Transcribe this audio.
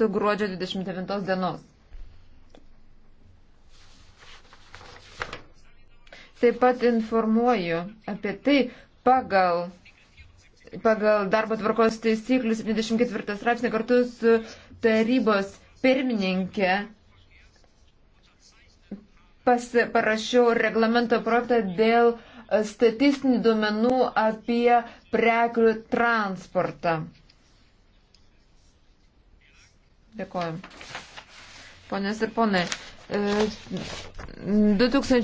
gruodžio 29 dienos. Taip pat informuoju apie tai pagal, pagal darbo tvarkos taisyklių 74 straipsnį kartu su tarybos pirmininkė pas, parašiau reglamento projektą dėl statistinių duomenų apie prekių transportą. Dėkojom. Ponės ir ponai, 2000. E,